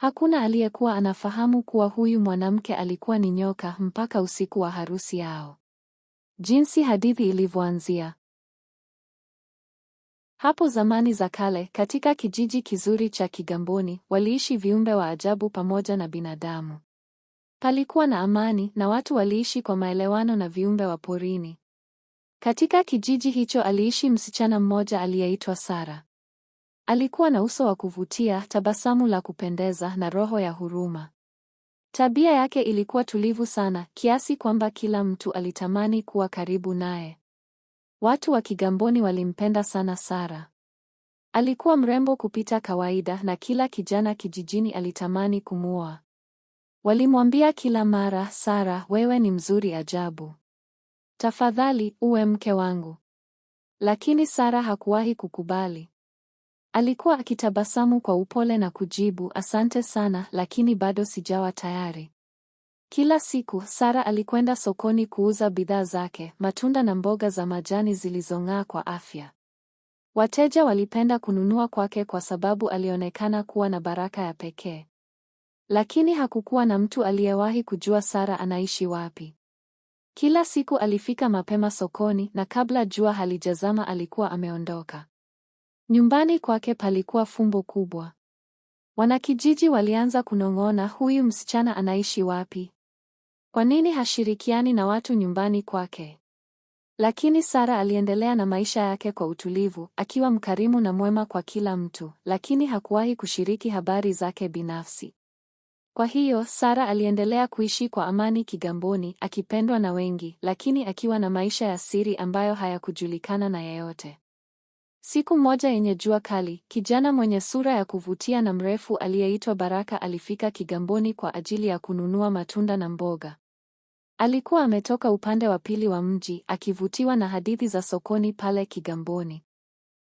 Hakuna aliyekuwa anafahamu kuwa huyu mwanamke alikuwa ni nyoka mpaka usiku wa harusi yao. Jinsi hadithi ilivyoanzia. Hapo zamani za kale, katika kijiji kizuri cha Kigamboni, waliishi viumbe wa ajabu pamoja na binadamu. Palikuwa na amani na watu waliishi kwa maelewano na viumbe wa porini. Katika kijiji hicho aliishi msichana mmoja aliyeitwa Sara. Alikuwa na uso wa kuvutia, tabasamu la kupendeza na roho ya huruma. Tabia yake ilikuwa tulivu sana, kiasi kwamba kila mtu alitamani kuwa karibu naye. Watu wa Kigamboni walimpenda sana Sara. Alikuwa mrembo kupita kawaida na kila kijana kijijini alitamani kumuoa Walimwambia kila mara, Sara, wewe ni mzuri ajabu. Tafadhali uwe mke wangu. Lakini Sara hakuwahi kukubali. Alikuwa akitabasamu kwa upole na kujibu, asante sana, lakini bado sijawa tayari. Kila siku Sara alikwenda sokoni kuuza bidhaa zake, matunda na mboga za majani zilizong'aa kwa afya. Wateja walipenda kununua kwake kwa sababu alionekana kuwa na baraka ya pekee. Lakini hakukuwa na mtu aliyewahi kujua Sara anaishi wapi. Kila siku alifika mapema sokoni na kabla jua halijazama alikuwa ameondoka. Nyumbani kwake palikuwa fumbo kubwa. Wanakijiji walianza kunong'ona, huyu msichana anaishi wapi? Kwa nini hashirikiani na watu nyumbani kwake? Lakini Sara aliendelea na maisha yake kwa utulivu, akiwa mkarimu na mwema kwa kila mtu, lakini hakuwahi kushiriki habari zake binafsi. Kwa hiyo, Sara aliendelea kuishi kwa amani Kigamboni, akipendwa na wengi, lakini akiwa na maisha ya siri ambayo hayakujulikana na yeyote. Siku moja yenye jua kali, kijana mwenye sura ya kuvutia na mrefu aliyeitwa Baraka alifika Kigamboni kwa ajili ya kununua matunda na mboga. Alikuwa ametoka upande wa pili wa mji, akivutiwa na hadithi za sokoni pale Kigamboni.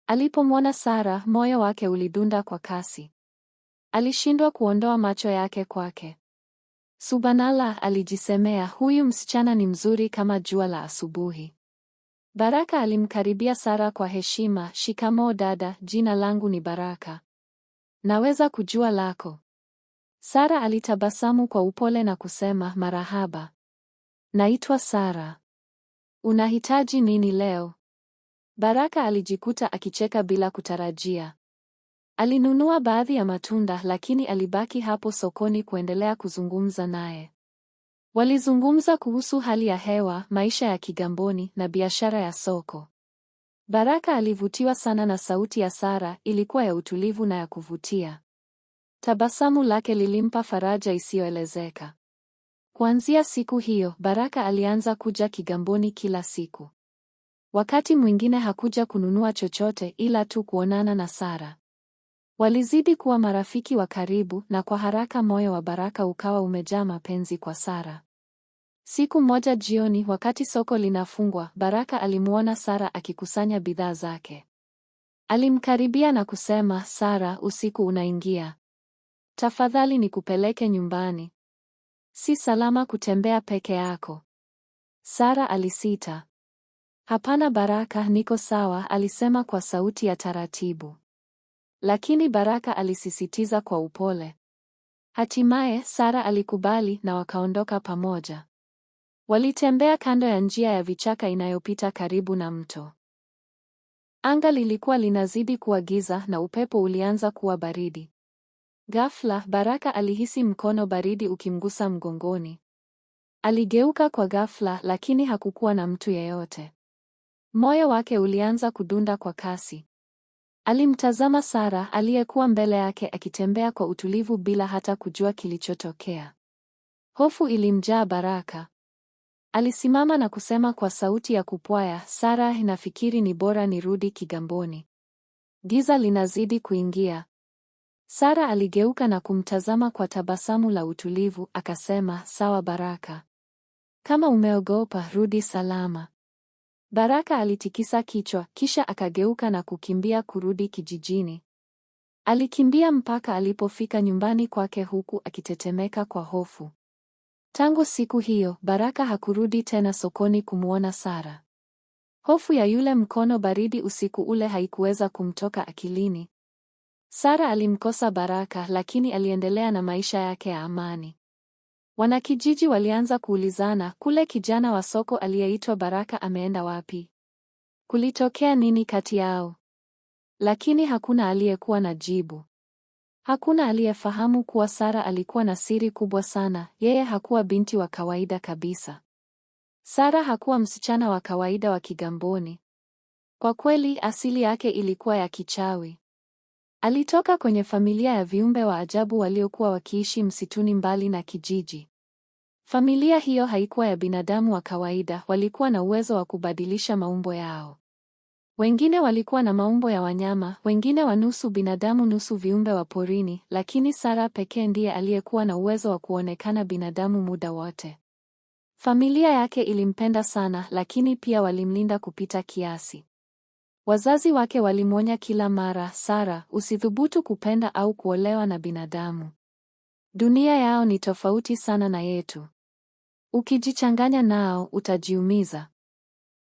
Alipomwona Sara, moyo wake ulidunda kwa kasi. Alishindwa kuondoa macho yake kwake. Subanala, alijisemea, huyu msichana ni mzuri kama jua la asubuhi. Baraka alimkaribia Sara kwa heshima. Shikamoo dada, jina langu ni Baraka. Naweza kujua lako? Sara alitabasamu kwa upole na kusema, marahaba. Naitwa Sara. Unahitaji nini leo? Baraka alijikuta akicheka bila kutarajia. Alinunua baadhi ya matunda lakini alibaki hapo sokoni kuendelea kuzungumza naye. Walizungumza kuhusu hali ya hewa, maisha ya Kigamboni na biashara ya soko. Baraka alivutiwa sana na sauti ya Sara, ilikuwa ya utulivu na ya kuvutia. Tabasamu lake lilimpa faraja isiyoelezeka. Kuanzia siku hiyo, Baraka alianza kuja Kigamboni kila siku. Wakati mwingine hakuja kununua chochote ila tu kuonana na Sara. Walizidi kuwa marafiki wa karibu na kwa haraka moyo wa Baraka ukawa umejaa mapenzi kwa Sara. Siku moja jioni, wakati soko linafungwa, Baraka alimuona Sara akikusanya bidhaa zake. Alimkaribia na kusema, Sara, usiku unaingia, tafadhali nikupeleke nyumbani, si salama kutembea peke yako. Sara alisita. Hapana Baraka, niko sawa, alisema kwa sauti ya taratibu. Lakini Baraka alisisitiza kwa upole. Hatimaye Sara alikubali na wakaondoka pamoja. Walitembea kando ya njia ya vichaka inayopita karibu na mto. Anga lilikuwa linazidi kuwa giza na upepo ulianza kuwa baridi. Ghafla, Baraka alihisi mkono baridi ukimgusa mgongoni. Aligeuka kwa ghafla, lakini hakukuwa na mtu yeyote. Moyo wake ulianza kudunda kwa kasi. Alimtazama Sara aliyekuwa mbele yake akitembea kwa utulivu bila hata kujua kilichotokea. Hofu ilimjaa Baraka. Alisimama na kusema kwa sauti ya kupwaya, Sara, nafikiri ni bora nirudi Kigamboni. Giza linazidi kuingia. Sara aligeuka na kumtazama kwa tabasamu la utulivu, akasema, sawa Baraka. Kama umeogopa, rudi salama. Baraka alitikisa kichwa, kisha akageuka na kukimbia kurudi kijijini. Alikimbia mpaka alipofika nyumbani kwake huku akitetemeka kwa hofu. Tangu siku hiyo, Baraka hakurudi tena sokoni kumwona Sara. Hofu ya yule mkono baridi usiku ule haikuweza kumtoka akilini. Sara alimkosa Baraka, lakini aliendelea na maisha yake ya amani. Wanakijiji walianza kuulizana kule kijana wa soko aliyeitwa Baraka ameenda wapi? Kulitokea nini kati yao? Lakini hakuna aliyekuwa na jibu. Hakuna aliyefahamu kuwa Sara alikuwa na siri kubwa sana. Yeye hakuwa binti wa kawaida kabisa. Sara hakuwa msichana wa kawaida wa Kigamboni. Kwa kweli asili yake ilikuwa ya kichawi. Alitoka kwenye familia ya viumbe wa ajabu waliokuwa wakiishi msituni mbali na kijiji. Familia hiyo haikuwa ya binadamu wa kawaida, walikuwa na uwezo wa kubadilisha maumbo yao. Wengine walikuwa na maumbo ya wanyama, wengine wa nusu binadamu nusu viumbe wa porini, lakini Sara pekee ndiye aliyekuwa na uwezo wa kuonekana binadamu muda wote. Familia yake ilimpenda sana, lakini pia walimlinda kupita kiasi. Wazazi wake walimwonya kila mara, Sara, usithubutu kupenda au kuolewa na binadamu. Dunia yao ni tofauti sana na yetu. Ukijichanganya nao utajiumiza.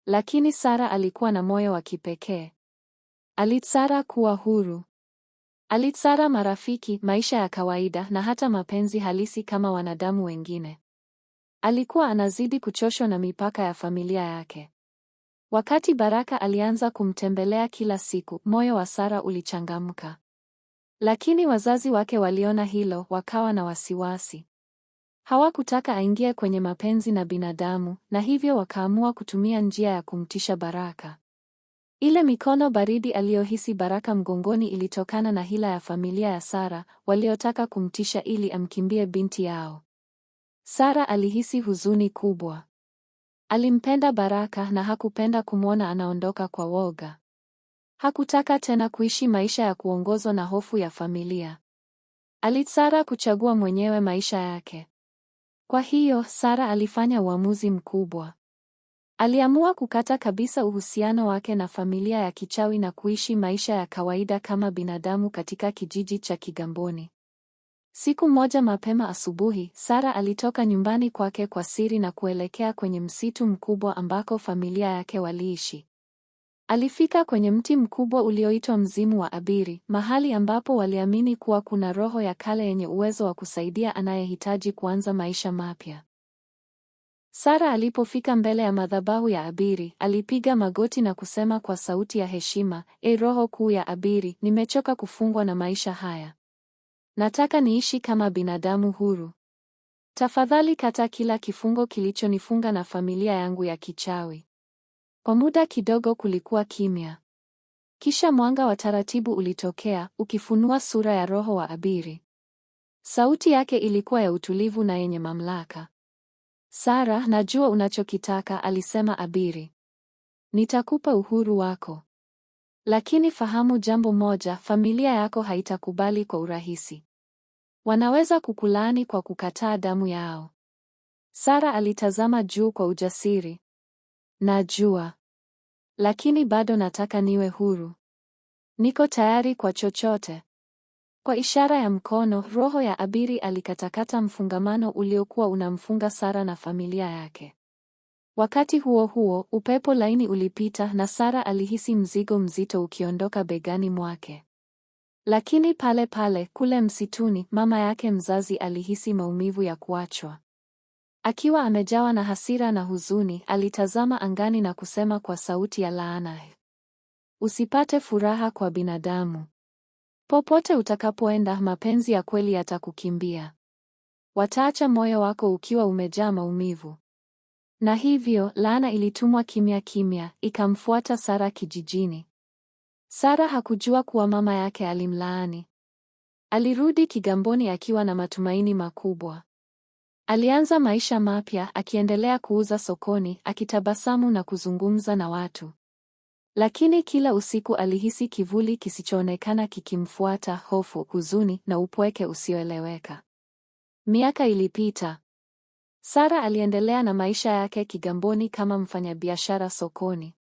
Lakini Sara alikuwa na moyo wa kipekee. Alitsara kuwa huru. Alitsara marafiki, maisha ya kawaida na hata mapenzi halisi kama wanadamu wengine. Alikuwa anazidi kuchoshwa na mipaka ya familia yake. Wakati Baraka alianza kumtembelea kila siku, moyo wa Sara ulichangamka. Lakini wazazi wake waliona hilo, wakawa na wasiwasi. Hawakutaka aingie kwenye mapenzi na binadamu, na hivyo wakaamua kutumia njia ya kumtisha Baraka. Ile mikono baridi aliyohisi Baraka mgongoni ilitokana na hila ya familia ya Sara, waliotaka kumtisha ili amkimbie binti yao. Sara alihisi huzuni kubwa. Alimpenda Baraka na hakupenda kumwona anaondoka kwa woga. Hakutaka tena kuishi maisha ya kuongozwa na hofu ya familia. Alisara kuchagua mwenyewe maisha yake. Kwa hiyo, Sara alifanya uamuzi mkubwa. Aliamua kukata kabisa uhusiano wake na familia ya kichawi na kuishi maisha ya kawaida kama binadamu katika kijiji cha Kigamboni. Siku moja mapema asubuhi, Sara alitoka nyumbani kwake kwa siri na kuelekea kwenye msitu mkubwa ambako familia yake waliishi. Alifika kwenye mti mkubwa ulioitwa Mzimu wa Abiri, mahali ambapo waliamini kuwa kuna roho ya kale yenye uwezo wa kusaidia anayehitaji kuanza maisha mapya. Sara alipofika mbele ya madhabahu ya Abiri, alipiga magoti na kusema kwa sauti ya heshima, E roho kuu ya Abiri, nimechoka kufungwa na maisha haya. Nataka niishi kama binadamu huru. Tafadhali kata kila kifungo kilichonifunga na familia yangu ya kichawi. Kwa muda kidogo kulikuwa kimya. Kisha mwanga wa taratibu ulitokea, ukifunua sura ya roho wa Abiri. Sauti yake ilikuwa ya utulivu na yenye mamlaka. Sara, najua unachokitaka, alisema Abiri. Nitakupa uhuru wako. Lakini fahamu jambo moja, familia yako haitakubali kwa urahisi. Wanaweza kukulaani kwa kukataa damu yao. Sara alitazama juu kwa ujasiri. Najua, lakini bado nataka niwe huru. Niko tayari kwa chochote. Kwa ishara ya mkono, roho ya Abiri alikatakata mfungamano uliokuwa unamfunga Sara na familia yake. Wakati huo huo, upepo laini ulipita na Sara alihisi mzigo mzito ukiondoka begani mwake. Lakini pale pale kule msituni, mama yake mzazi alihisi maumivu ya kuachwa. Akiwa amejawa na hasira na huzuni, alitazama angani na kusema kwa sauti ya laana, usipate furaha kwa binadamu. Popote utakapoenda, mapenzi ya kweli yatakukimbia. Wataacha moyo wako ukiwa umejaa maumivu. Na hivyo laana ilitumwa kimya kimya, ikamfuata Sara kijijini. Sara hakujua kuwa mama yake alimlaani. Alirudi Kigamboni akiwa na matumaini makubwa. Alianza maisha mapya akiendelea kuuza sokoni, akitabasamu na kuzungumza na watu. Lakini kila usiku alihisi kivuli kisichoonekana kikimfuata, hofu, huzuni na upweke usioeleweka. Miaka ilipita. Sara aliendelea na maisha yake Kigamboni kama mfanyabiashara sokoni.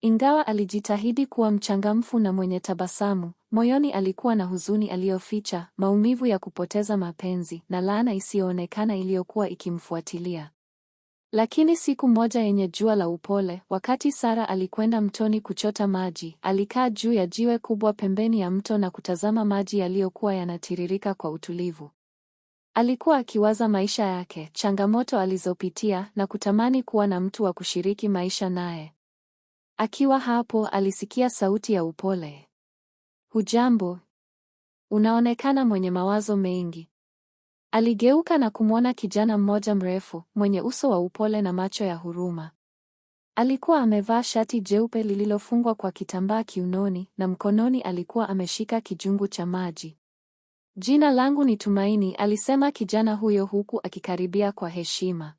Ingawa alijitahidi kuwa mchangamfu na mwenye tabasamu, moyoni alikuwa na huzuni aliyoficha, maumivu ya kupoteza mapenzi na laana isiyoonekana iliyokuwa ikimfuatilia. Lakini siku moja yenye jua la upole, wakati Sara alikwenda mtoni kuchota maji, alikaa juu ya jiwe kubwa pembeni ya mto na kutazama maji yaliyokuwa yanatiririka kwa utulivu. Alikuwa akiwaza maisha yake, changamoto alizopitia na kutamani kuwa na mtu wa kushiriki maisha naye. Akiwa hapo, alisikia sauti ya upole. Hujambo? Unaonekana mwenye mawazo mengi. Aligeuka na kumwona kijana mmoja mrefu, mwenye uso wa upole na macho ya huruma. Alikuwa amevaa shati jeupe lililofungwa kwa kitambaa kiunoni na mkononi alikuwa ameshika kijungu cha maji. Jina langu ni Tumaini, alisema kijana huyo huku akikaribia kwa heshima.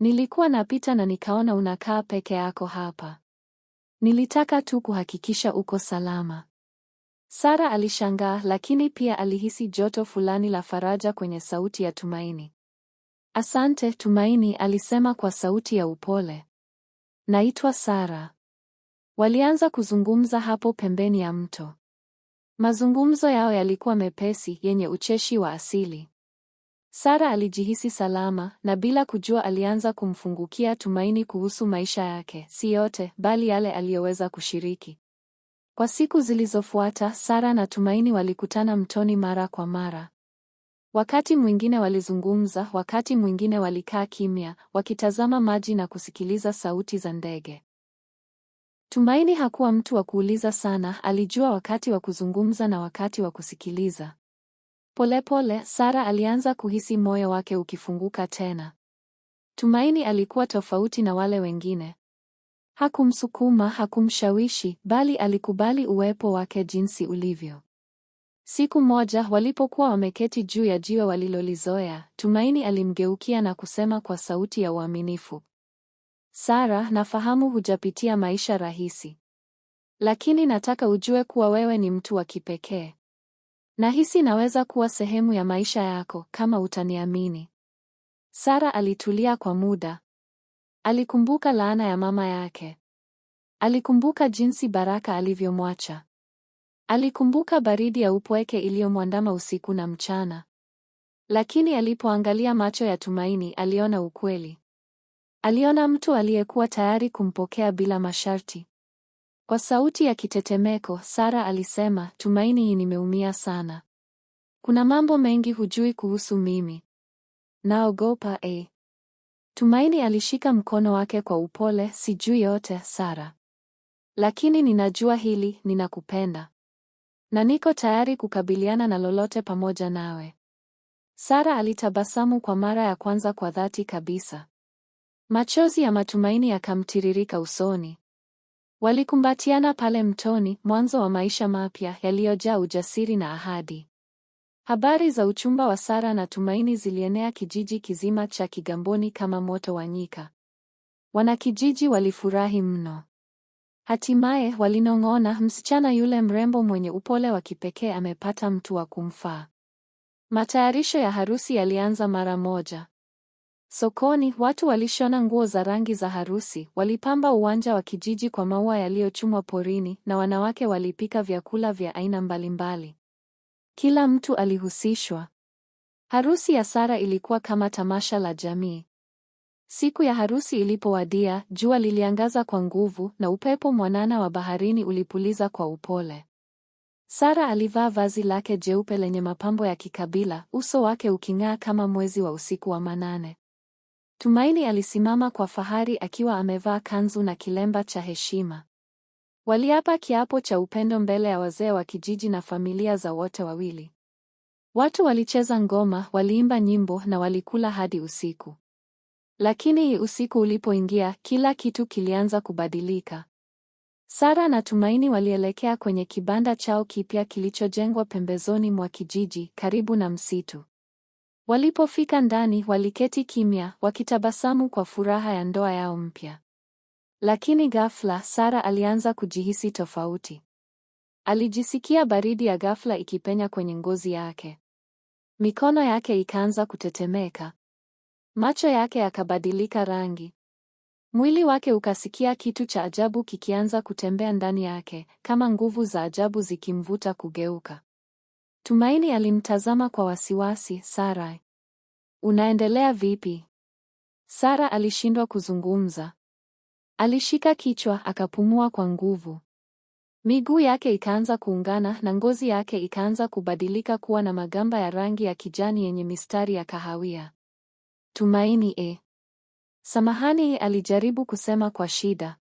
Nilikuwa napita na nikaona unakaa peke yako hapa. Nilitaka tu kuhakikisha uko salama. Sara alishangaa lakini pia alihisi joto fulani la faraja kwenye sauti ya Tumaini. Asante Tumaini, alisema kwa sauti ya upole. Naitwa Sara. Walianza kuzungumza hapo pembeni ya mto. Mazungumzo yao yalikuwa mepesi, yenye ucheshi wa asili. Sara alijihisi salama na bila kujua alianza kumfungukia tumaini kuhusu maisha yake, si yote, bali yale aliyoweza kushiriki. Kwa siku zilizofuata, Sara na Tumaini walikutana mtoni mara kwa mara. Wakati mwingine walizungumza, wakati mwingine walikaa kimya, wakitazama maji na kusikiliza sauti za ndege. Tumaini hakuwa mtu wa kuuliza sana, alijua wakati wa kuzungumza na wakati wa kusikiliza. Polepole pole, Sara alianza kuhisi moyo wake ukifunguka tena. Tumaini alikuwa tofauti na wale wengine. Hakumsukuma, hakumshawishi, bali alikubali uwepo wake jinsi ulivyo. Siku moja walipokuwa wameketi juu ya jiwe walilolizoea, Tumaini alimgeukia na kusema kwa sauti ya uaminifu, Sara, nafahamu hujapitia maisha rahisi, lakini nataka ujue kuwa wewe ni mtu wa kipekee. Nahisi naweza kuwa sehemu ya maisha yako kama utaniamini. Sara alitulia kwa muda. Alikumbuka laana ya mama yake. Alikumbuka jinsi Baraka alivyomwacha. Alikumbuka baridi ya upweke iliyomwandama usiku na mchana. Lakini alipoangalia macho ya Tumaini, aliona ukweli. Aliona mtu aliyekuwa tayari kumpokea bila masharti. Kwa sauti ya kitetemeko, Sara alisema, Tumaini, hii nimeumia sana. Kuna mambo mengi hujui kuhusu mimi. Naogopa eh. Tumaini alishika mkono wake kwa upole, sijui yote Sara, lakini ninajua hili, ninakupenda na niko tayari kukabiliana na lolote pamoja nawe. Sara alitabasamu kwa mara ya kwanza kwa dhati kabisa. Machozi ya matumaini yakamtiririka usoni. Walikumbatiana pale mtoni, mwanzo wa maisha mapya yaliyojaa ujasiri na ahadi. Habari za uchumba wa Sara na Tumaini zilienea kijiji kizima cha Kigamboni kama moto wa nyika. Wanakijiji walifurahi mno. Hatimaye walinong'ona, msichana yule mrembo mwenye upole wa kipekee amepata mtu wa kumfaa. Matayarisho ya harusi yalianza mara moja. Sokoni watu walishona nguo za rangi za harusi, walipamba uwanja wa kijiji kwa maua yaliyochumwa porini, na wanawake walipika vyakula vya aina mbalimbali. Kila mtu alihusishwa. Harusi ya Sara ilikuwa kama tamasha la jamii. Siku ya harusi ilipowadia, jua liliangaza kwa nguvu na upepo mwanana wa baharini ulipuliza kwa upole. Sara alivaa vazi lake jeupe lenye mapambo ya kikabila, uso wake uking'aa kama mwezi wa usiku wa manane. Tumaini alisimama kwa fahari akiwa amevaa kanzu na kilemba cha heshima. Waliapa kiapo cha upendo mbele ya wazee wa kijiji na familia za wote wawili. Watu walicheza ngoma, waliimba nyimbo na walikula hadi usiku. Lakini usiku ulipoingia, kila kitu kilianza kubadilika. Sara na Tumaini walielekea kwenye kibanda chao kipya kilichojengwa pembezoni mwa kijiji karibu na msitu. Walipofika ndani waliketi kimya, wakitabasamu kwa furaha ya ndoa yao mpya. Lakini ghafla Sara alianza kujihisi tofauti. Alijisikia baridi ya ghafla ikipenya kwenye ngozi yake. Mikono yake ikaanza kutetemeka. Macho yake yakabadilika rangi. Mwili wake ukasikia kitu cha ajabu kikianza kutembea ndani yake, kama nguvu za ajabu zikimvuta kugeuka. Tumaini alimtazama kwa wasiwasi, Sara. Unaendelea vipi? Sara alishindwa kuzungumza. Alishika kichwa akapumua kwa nguvu. Miguu yake ikaanza kuungana na ngozi yake ikaanza kubadilika kuwa na magamba ya rangi ya kijani yenye mistari ya kahawia. Tumaini e. Samahani alijaribu kusema kwa shida.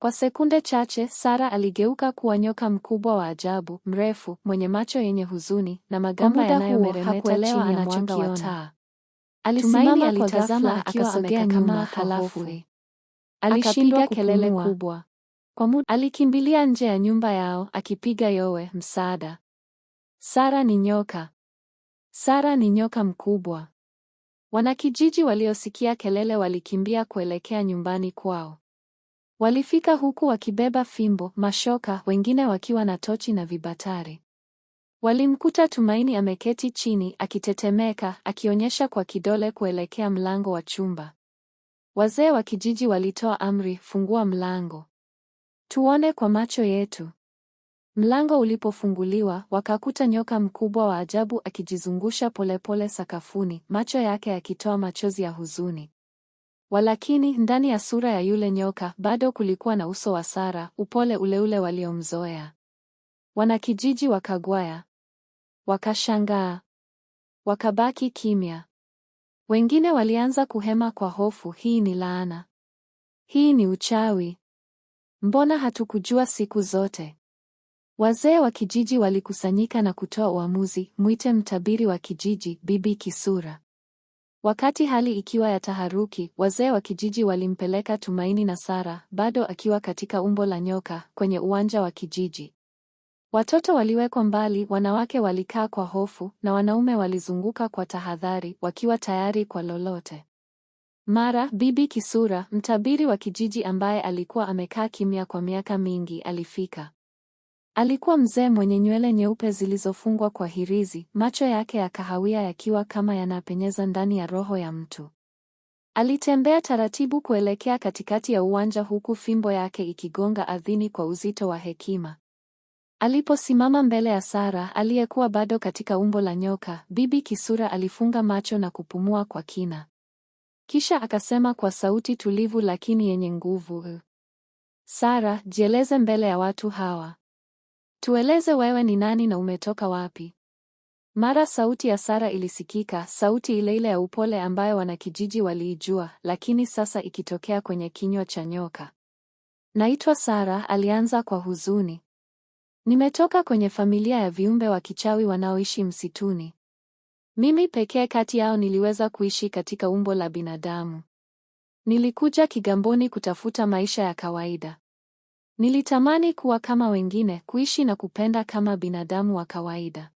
Kwa sekunde chache Sara aligeuka kuwa nyoka mkubwa wa ajabu, mrefu, mwenye macho yenye huzuni na magamba yanayomeremeta chini ya mwanga wa taa. Alisimama, alitazama, akasogea nyuma, halafu alishindwa kelele kubwa. Kwa muda alikimbilia nje ya nyumba yao akipiga yowe, msaada! Sara ni nyoka! Sara ni nyoka mkubwa! Wanakijiji waliosikia kelele walikimbia kuelekea nyumbani kwao. Walifika huku wakibeba fimbo, mashoka, wengine wakiwa na tochi na vibatari. Walimkuta Tumaini ameketi chini akitetemeka, akionyesha kwa kidole kuelekea mlango wa chumba. Wazee wa kijiji walitoa amri, fungua mlango, tuone kwa macho yetu. Mlango ulipofunguliwa, wakakuta nyoka mkubwa wa ajabu akijizungusha polepole sakafuni, macho yake yakitoa machozi ya huzuni. Walakini ndani ya sura ya yule nyoka bado kulikuwa na uso wa Sara, upole uleule waliomzoea. Wanakijiji wakagwaya, wakashangaa, wakabaki kimya. Wengine walianza kuhema kwa hofu, hii ni laana, hii ni uchawi, mbona hatukujua siku zote? Wazee wa kijiji walikusanyika na kutoa uamuzi, mwite mtabiri wa kijiji, Bibi Kisura. Wakati hali ikiwa ya taharuki, wazee wa kijiji walimpeleka Tumaini na Sara, bado akiwa katika umbo la nyoka, kwenye uwanja wa kijiji. Watoto waliwekwa mbali, wanawake walikaa kwa hofu na wanaume walizunguka kwa tahadhari, wakiwa tayari kwa lolote. Mara Bibi Kisura, mtabiri wa kijiji ambaye alikuwa amekaa kimya kwa miaka mingi, alifika. Alikuwa mzee mwenye nywele nyeupe zilizofungwa kwa hirizi, macho yake ya kahawia yakiwa kama yanapenyeza ndani ya roho ya mtu. Alitembea taratibu kuelekea katikati ya uwanja huku fimbo yake ikigonga ardhini kwa uzito wa hekima. Aliposimama mbele ya Sara aliyekuwa bado katika umbo la nyoka, Bibi Kisura alifunga macho na kupumua kwa kina. Kisha akasema kwa sauti tulivu lakini yenye nguvu, Sara, jieleze mbele ya watu hawa. Tueleze wewe ni nani na umetoka wapi? Mara sauti ya Sara ilisikika, sauti ile ile ya upole ambayo wanakijiji waliijua, lakini sasa ikitokea kwenye kinywa cha nyoka. Naitwa Sara, alianza kwa huzuni. Nimetoka kwenye familia ya viumbe wa kichawi wanaoishi msituni. Mimi pekee kati yao niliweza kuishi katika umbo la binadamu. Nilikuja Kigamboni kutafuta maisha ya kawaida. Nilitamani kuwa kama wengine, kuishi na kupenda kama binadamu wa kawaida.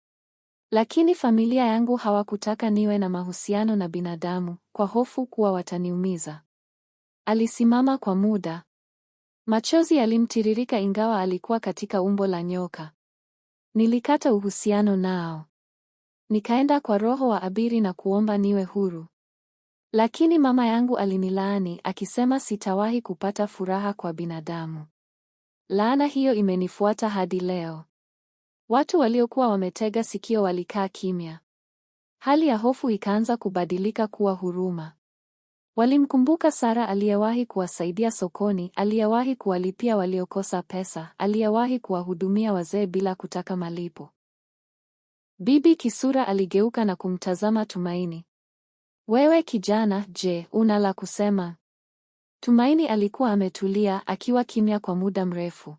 Lakini familia yangu hawakutaka niwe na mahusiano na binadamu kwa hofu kuwa wataniumiza. Alisimama kwa muda. Machozi yalimtiririka ingawa alikuwa katika umbo la nyoka. Nilikata uhusiano nao. Nikaenda kwa roho wa Abiri na kuomba niwe huru. Lakini mama yangu alinilaani akisema sitawahi kupata furaha kwa binadamu. Laana hiyo imenifuata hadi leo. Watu waliokuwa wametega sikio walikaa kimya. Hali ya hofu ikaanza kubadilika kuwa huruma. Walimkumbuka Sara aliyewahi kuwasaidia sokoni, aliyewahi kuwalipia waliokosa pesa, aliyewahi kuwahudumia wazee bila kutaka malipo. Bibi Kisura aligeuka na kumtazama Tumaini. Wewe kijana, je, una la kusema? Tumaini alikuwa ametulia akiwa kimya kwa muda mrefu.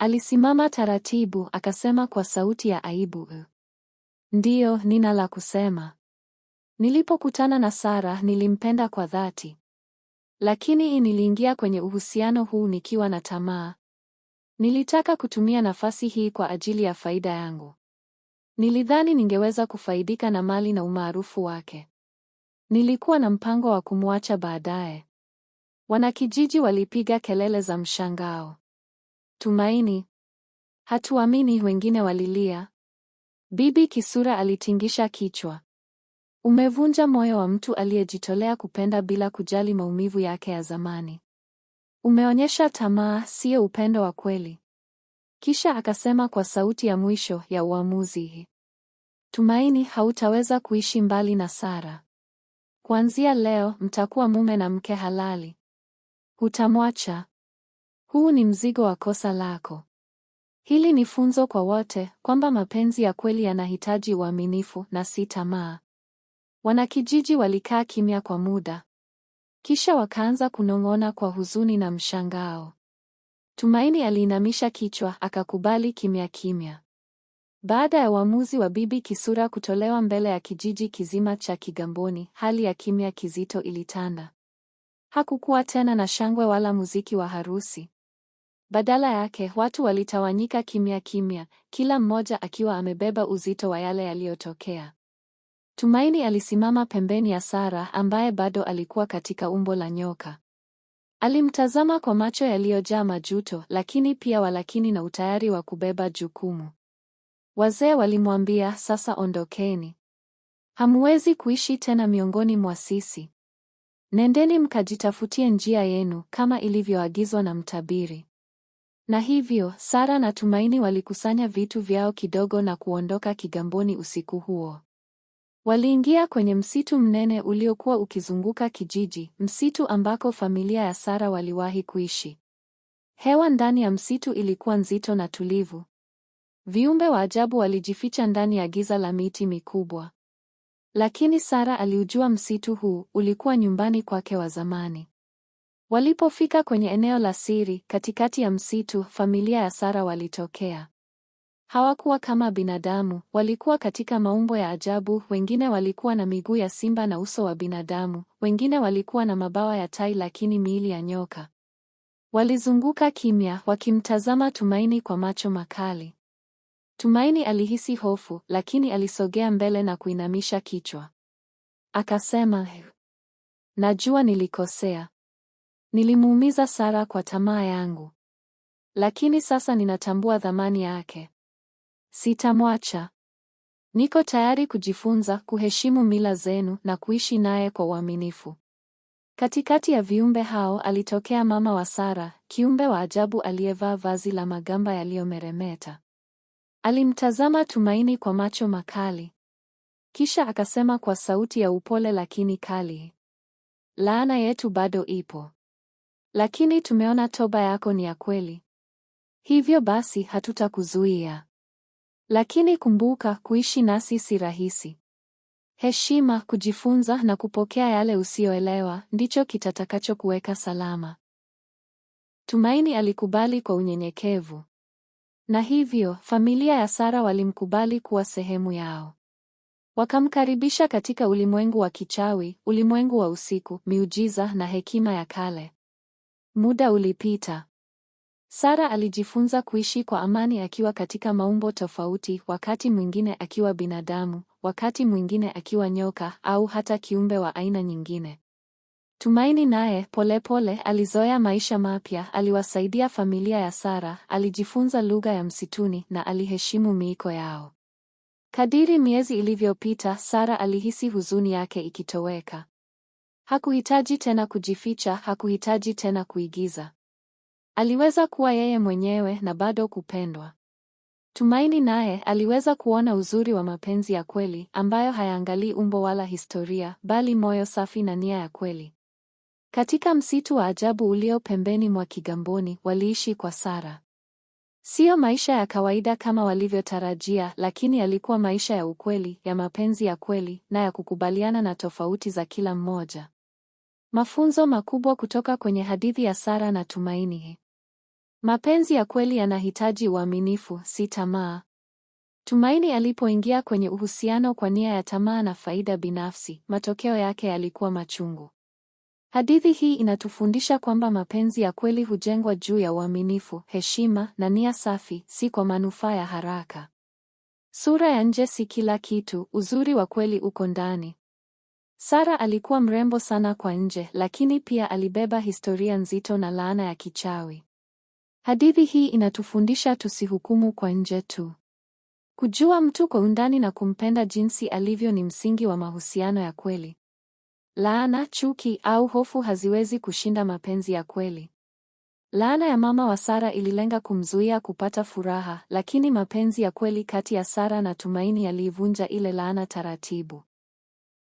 Alisimama taratibu akasema kwa sauti ya aibu, eh, ndiyo, nina la kusema. Nilipokutana na Sara nilimpenda kwa dhati, lakini niliingia kwenye uhusiano huu nikiwa na tamaa. Nilitaka kutumia nafasi hii kwa ajili ya faida yangu. Nilidhani ningeweza kufaidika na mali na umaarufu wake. Nilikuwa na mpango wa kumwacha baadaye Wanakijiji walipiga kelele za mshangao. Tumaini, hatuamini! Wengine walilia. Bibi Kisura alitingisha kichwa. Umevunja moyo wa mtu aliyejitolea kupenda bila kujali maumivu yake ya zamani. Umeonyesha tamaa, siyo upendo wa kweli. Kisha akasema kwa sauti ya mwisho ya uamuzi, Tumaini, hautaweza kuishi mbali na Sara. Kuanzia leo mtakuwa mume na mke halali. Hutamwacha. Huu ni mzigo wa kosa lako. Hili ni funzo kwa wote kwamba mapenzi ya kweli yanahitaji uaminifu na si tamaa. Wanakijiji walikaa kimya kwa muda, kisha wakaanza kunong'ona kwa huzuni na mshangao. Tumaini aliinamisha kichwa, akakubali kimya kimya. Baada ya uamuzi wa Bibi Kisura kutolewa mbele ya kijiji kizima cha Kigamboni, hali ya kimya kizito ilitanda. Hakukuwa tena na shangwe wala muziki wa harusi. Badala yake watu walitawanyika kimya kimya, kila mmoja akiwa amebeba uzito wa yale yaliyotokea. Tumaini alisimama pembeni ya Sara ambaye bado alikuwa katika umbo la nyoka. Alimtazama kwa macho yaliyojaa majuto, lakini pia walakini na utayari wa kubeba jukumu. Wazee walimwambia, sasa ondokeni, hamwezi kuishi tena miongoni mwa sisi. Nendeni mkajitafutie njia yenu kama ilivyoagizwa na mtabiri. Na hivyo Sara na Tumaini walikusanya vitu vyao kidogo na kuondoka Kigamboni usiku huo. Waliingia kwenye msitu mnene uliokuwa ukizunguka kijiji, msitu ambako familia ya Sara waliwahi kuishi. Hewa ndani ya msitu ilikuwa nzito na tulivu. Viumbe wa ajabu walijificha ndani ya giza la miti mikubwa. Lakini Sara aliujua msitu huu ulikuwa nyumbani kwake wa zamani. Walipofika kwenye eneo la siri katikati ya msitu, familia ya Sara walitokea. Hawakuwa kama binadamu, walikuwa katika maumbo ya ajabu. Wengine walikuwa na miguu ya simba na uso wa binadamu, wengine walikuwa na mabawa ya tai lakini miili ya nyoka. Walizunguka kimya, wakimtazama Tumaini kwa macho makali. Tumaini alihisi hofu, lakini alisogea mbele na kuinamisha kichwa. Akasema, najua nilikosea, nilimuumiza Sara kwa tamaa yangu, lakini sasa ninatambua thamani yake. Sitamwacha, niko tayari kujifunza kuheshimu mila zenu na kuishi naye kwa uaminifu. Katikati ya viumbe hao alitokea mama wa Sara, kiumbe wa ajabu aliyevaa vazi la magamba yaliyomeremeta. Alimtazama Tumaini kwa macho makali, kisha akasema kwa sauti ya upole lakini kali, laana yetu bado ipo, lakini tumeona toba yako ni ya kweli, hivyo basi hatutakuzuia. Lakini kumbuka, kuishi nasi si rahisi. Heshima, kujifunza na kupokea yale usiyoelewa ndicho kuweka salama. Tumaini alikubali kwa unyenyekevu. Na hivyo familia ya Sara walimkubali kuwa sehemu yao. Wakamkaribisha katika ulimwengu wa kichawi, ulimwengu wa usiku, miujiza na hekima ya kale. Muda ulipita. Sara alijifunza kuishi kwa amani akiwa katika maumbo tofauti, wakati mwingine akiwa binadamu, wakati mwingine akiwa nyoka au hata kiumbe wa aina nyingine. Tumaini naye polepole alizoea maisha mapya, aliwasaidia familia ya Sara, alijifunza lugha ya msituni na aliheshimu miiko yao. Kadiri miezi ilivyopita, Sara alihisi huzuni yake ikitoweka. Hakuhitaji tena kujificha, hakuhitaji tena kuigiza. Aliweza kuwa yeye mwenyewe na bado kupendwa. Tumaini naye aliweza kuona uzuri wa mapenzi ya kweli ambayo hayaangalii umbo wala historia, bali moyo safi na nia ya kweli. Katika msitu wa ajabu ulio pembeni mwa Kigamboni, waliishi kwa Sara. Siyo maisha ya kawaida kama walivyotarajia, lakini yalikuwa maisha ya ukweli, ya mapenzi ya kweli na ya kukubaliana na tofauti za kila mmoja. Mafunzo makubwa kutoka kwenye hadithi ya Sara na Tumaini. Mapenzi ya kweli yanahitaji uaminifu, si tamaa. Tumaini alipoingia kwenye uhusiano kwa nia ya tamaa na faida binafsi, matokeo yake yalikuwa machungu. Hadithi hii inatufundisha kwamba mapenzi ya kweli hujengwa juu ya uaminifu, heshima na nia safi, si kwa manufaa ya haraka. Sura ya nje si kila kitu, uzuri wa kweli uko ndani. Sara alikuwa mrembo sana kwa nje, lakini pia alibeba historia nzito na laana ya kichawi. Hadithi hii inatufundisha tusihukumu kwa nje tu. Kujua mtu kwa undani na kumpenda jinsi alivyo ni msingi wa mahusiano ya kweli. Laana, chuki au hofu haziwezi kushinda mapenzi ya kweli. Laana ya mama wa Sara ililenga kumzuia kupata furaha, lakini mapenzi ya kweli kati ya Sara na Tumaini yaliivunja ile laana taratibu.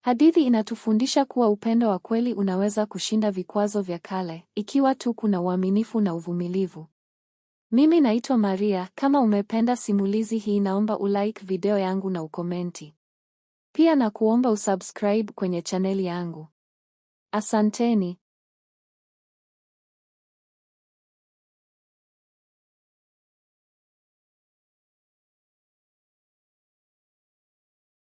Hadithi inatufundisha kuwa upendo wa kweli unaweza kushinda vikwazo vya kale, ikiwa tu kuna uaminifu na uvumilivu. Mimi naitwa Maria. Kama umependa simulizi hii, naomba ulike video yangu na ukomenti. Pia na kuomba usubscribe kwenye chaneli yangu. Asanteni.